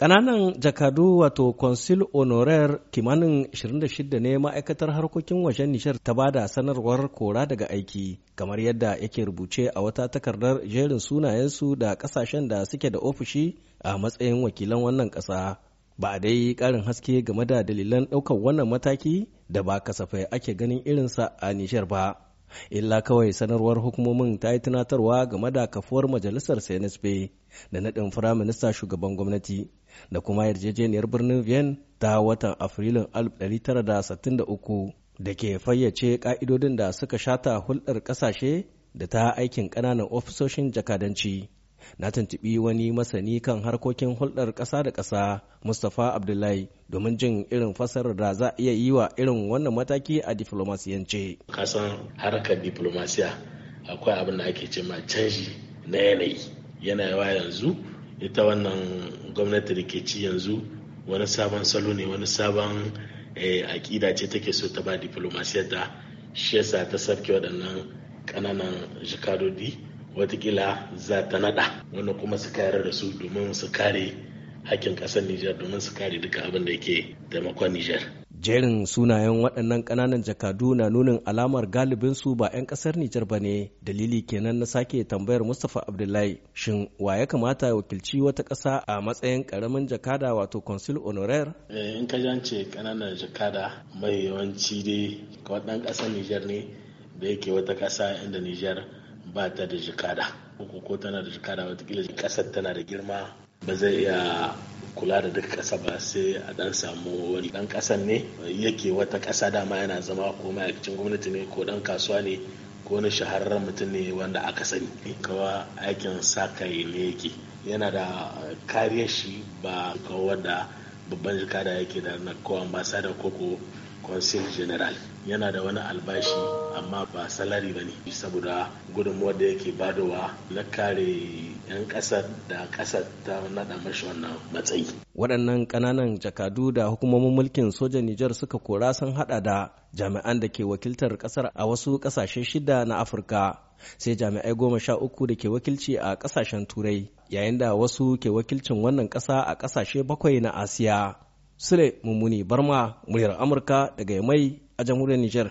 Ƙananan jakadu wato consul onorer, kimanin 26 ne ma'aikatar harkokin wajen Nishar ta ba da sanarwar kora daga aiki, kamar yadda yake rubuce a wata takardar jerin sunayensu da ƙasashen da suke da ofishi a matsayin wakilan wannan ƙasa. Ba a dai ƙarin haske game da dalilan ɗaukar wannan mataki da ba kasafai ake ganin irinsa a Nishar ba. illa kawai sanarwar hukumomin ta yi tunatarwa game da kafuwar majalisar CNSP da naɗin firaminista shugaban gwamnati da kuma yarjejeniyar birnin Vienne ta watan Afrilun 1963 da ke fayyace ƙa'idodin da suka shata hulɗar ƙasashe da ta aikin ƙananan ofisoshin jakadanci. na tuntubi wani masani kan harkokin hulɗar ƙasa da ƙasa mustapha abdullahi domin jin irin fasarar da za a iya yi wa irin wannan mataki a diflomasiyance kasan harkar diflomasiya akwai abin da ake ce ma canji na yanayi yawa yanzu ita wannan gwamnati da ke ci yanzu wani sabon salo ne wani sabon eh, aƙida ce take so ta ba diflomasiyar ta shi yasa ta sabke waɗannan ƙananan jikadodi watakila za ta nada wanda kuma su kayar da su domin su kare hakkin kasar Nijar domin su kare duka abin da ke taimakon Nijar. Jerin sunayen waɗannan ƙananan jakadu na nunin alamar galibin su ba 'yan ƙasar Nijar ba ne, dalili kenan na sake tambayar Mustapha Abdullahi shin wa ya kamata ya wakilci wata ƙasa a matsayin ƙaramin jakada wato consul honoraire? Eh, in ka jance ƙananan jakada mai yawanci dai ga waɗannan ƙasar Nijar ne da yake wata ƙasa inda Nijar ba ta da jikada ko tana da jikada watakila kasar tana da girma ba zai iya kula da duk kasa ba sai a dan samu wani dan kasan ne yake wata kasa dama yana zama ko ma'aikacin gwamnati ne ko dan kasuwa ne ko wani shahararren mutum ne wanda aka sani kawa aikin sa kai ne yake yana da kariyar shi ba kawo wanda babban jikada yake da na ko ambasada ko ko conseil general yana da wani albashi amma ba salari ba ne saboda gudunmuwar da yake badowa na kare 'yan kasar da kasar ta nada mashi wannan matsayi waɗannan ƙananan jakadu da hukumomin mulkin sojan nijar suka kora sun hada da jami'an da ke wakiltar ƙasar a wasu ƙasashe shida na afirka sai jami'ai goma sha uku da ke wakilci a ƙasashen turai yayin da wasu ke wakilcin wannan ƙasa a ƙasashe bakwai na asiya Sule Mummuni Barma, muryar Amurka daga mai a jamhuriyar niger.